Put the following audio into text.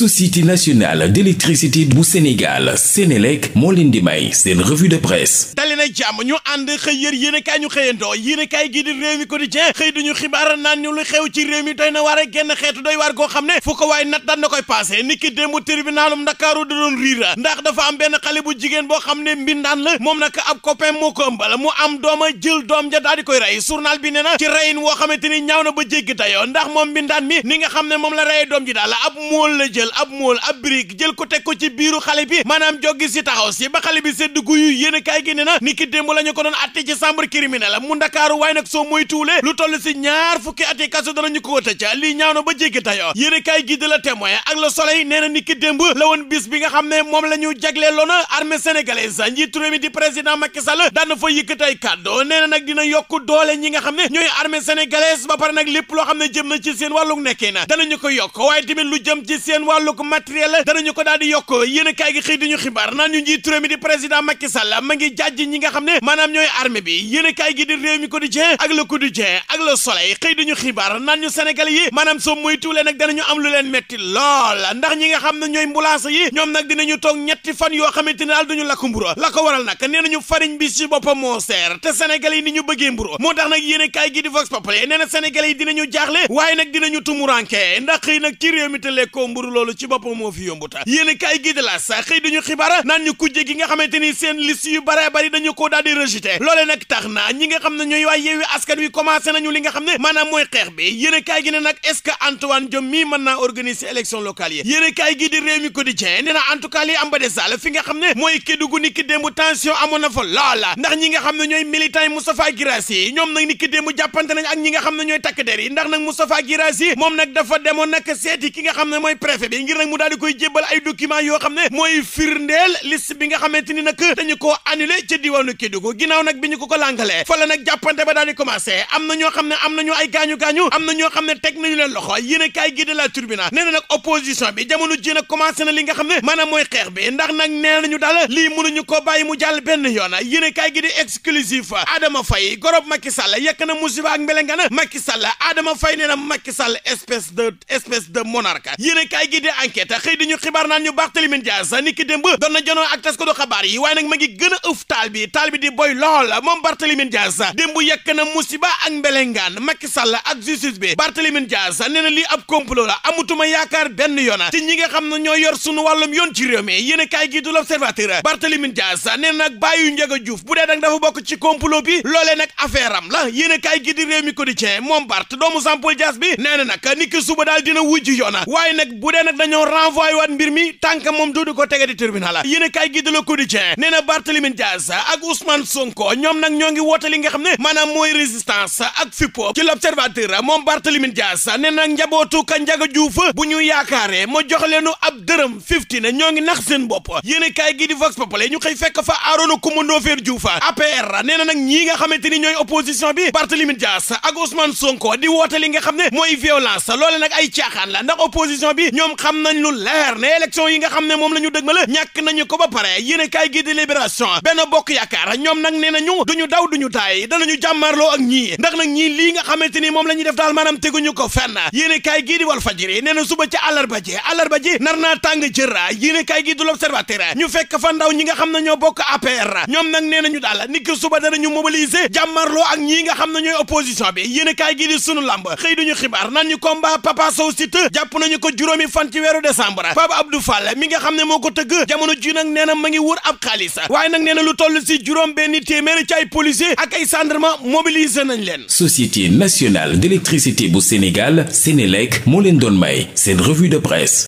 société nationale d'électricité bu Sénégal Sénélec moo leen di may seen revue de presse dali jàmm ñu ànd xëy yër yéenekaay ñu xëyandoo yéenekaay gi di réew mi quotidien xëy duñu xibaar naan ñu lu xew ci réew mi doy na waar genn xeetu doy waar goo xam ne fu ko waaye nat daan na koy passé niki démb tribunalum Ndakaaru da doon riira ndax dafa am benn xale bu jigéen boo xam ne mbindaan la moom nag ab copain moo ko ëmbal mu am dooma jël doom ja daal di koy rey journal bi ne na ci reyin woo xamante ni ñaaw ba jéggi dayoo ndax moom mi nga xam ne moom la reyee doom ji daal jël ab mool ab brique jël ko teg ko ci biiru xale bi maanaam joggi si taxaw si ba xale bi sedd guyu yéen gi ne na niki démb la ko doon atte ci chambre criminelle mu ndakaaru waaye nag soo moy lu toll si ñaar fukki ati kaso dana ñu ko tëj lii ñaaw na ba jéggi tayoo yéen kaay gi de la témoin ak le soleil nee na niki démb la woon bis bi nga xam ne moom la ñu jagleeloon armée sénégalaise njiitu réew mi di président Macky Sall daan na fa yëkkatay kàddu nee na xam ne ñooy armée sénégalaise ba pare nag lépp loo na ci yokk waaye tamit wàllu ko dana danañu ko daal di yokk yéen a kaay gi xëy ñu xibaar naan ñu njiit réew mi di président Macky Sall ma ngi ñi nga xam ne maanaam ñooy armée bi yéen a kaay gi di réew mi quotidien ak le quotidien ak le soleil xëy di ñu xibaar naan ñu Sénégal yi maanaam soo moytuwulee nag danañu am lu leen metti lool ndax ñi nga xam ne ñooy mbulaas yi ñoom nag ñu toog ñetti fan yoo xamante ne daal duñu lakk mburu la ko waral nag nee nañu farine bi ci boppam moo seer te Sénégal yi ni ñu bëggee mburu moo tax nag yéen a kaay gi di vox populi nee na Sénégal yi dinañu jaaxle waaye nag dinañu tumuranke ndax xëy loolu ci boppam moo fi yombuta yéen kaay gi la sa xëy dañu xibaar naan ñu kujje gi nga xamante ni seen liste yu bare bari dañu ko daal di loole nag tax na ñi nga xam ne ñooy waa yeewi askan wi commencé nañu li nga xam ne maanaam mooy xeex bi yéen kaay gi ne nag di réew mi na en tout cas fi nga xam ne mooy Kédougou ni ki démb tension amoon na fa loola ndax ñi nga xam ne ñooy militant yi Moustapha Guirassy ñoom nag ni ki démb bi ngir nag mu daal di koy jébbal ay document yoo xam ne mooy firndeel liste bi nga xamante ni nag dañu koo annulé ca diwaanu Kédougou ginnaaw nag bi ñu ko ko làngalee fa nag jàppante ba daal di commencé am na ñoo xam ne am nañu ay gaañu-gaañu am na ñoo xam ne teg nañu leen loxo yéen a kaay gi de la turbina nee na nag opposition bi jamono ji nag commencé na li nga xam ne maanaam mooy xeex bi ndax nag nee nañu daal lii mënuñu ko bàyyi mu jàll benn yoon yéen a kaay gi di exclusif Adama Faye gorob Macky Sall yekk na musiba ak mbelengana Macky Sall Adama Faye nee na Macky Sall espèce de espèce de monarque di enquête xëy di ñu xibaar ñu Barthélémy Dias ni ki démb doon na jonoo ak taskatu xabaar yi waaye nag ma ngi gën a ëf taal bi taal bi di boy lool moom Barthélémy Dias démb yekk na musiba ak mbelengaan Macky Sall ak justice bi Barthélémy Dias nee na ab complot la amutuma yaakaar benn yoon ci ñi nga xam ne ñoo yor sunu wàllum yoon ci réew mi yéen a kaay gi du l'Observateur Barthélémy Dias nee na nag bàyyu bu dee nag dafa bokk ci complot bi loolee nag a kaay gi di nag dañoo renvoyé waat mbir mi tànk moom duudu ko tege di tribunal yéen a kaay gi de Le Quotidien nee na Barthélémy Dias ak Ousmane Sonko ñoom nag ñoo ngi woote li nga xam ne maanaam mooy résistance ak fippo ci l'Observateur moom Barthélémy Dias nee na njabootu ka Njaga Juuf bu ñu yaakaaree ma jox leenu ab dërëm fifty ne ñoo ngi nax seen bopp yéen a kaay gi di Vox ñu xëy fekk fa Arona Coumba Ndoffène Diouf APR nee na nag nga xamante ni ñooy opposition bi Barthélémy Dias ak Ousmane Sonko di woote li nga xam ne mooy violence loole nag ay caaxaan la ndax opposition bi ñoom xam nañ lu leer ne élection yi nga xam ne moom la ñu dëgmal ñàkk nañu ko ba pare yéen kaay gi di libération benn bokk yaakaar ñoom nag nee nañu duñu daw duñu ñu danañu jàmmarloo ak ñii ndax nag ñii lii nga xamante ni moom la ñuy def daal maanaam teguñu ko fenn yéen kaay gi di wal fajiri nee na suba ci àllarba ji àllarba ji nar naa tàng jër yéen kaay gi du l'observateur ñu fekk fa ndaw ñi nga xam ne ñoo bokk APR ñoom nag nee nañu daal niki suba danañu mobiliser jàmmarloo ñii nga xam ne ñooy opposition bi yéen kaay gi di sunu lamb xëy duñu xibaar naan ñu combat Papa Sow Siteu jàpp ko juróomi fan ci weeru décembre Pape Abdou Fall mi nga xam ne moo ko tëgg jamono ji nag nee na ma ngi wër ab xaalis waaye nag nee na lu toll si juróom benn téeméer ci ay policier ak ay gendarme mobilisé nañ leen Société nationale d'électricité bu Sénégal Sénélec moo leen doon may seen revue de presse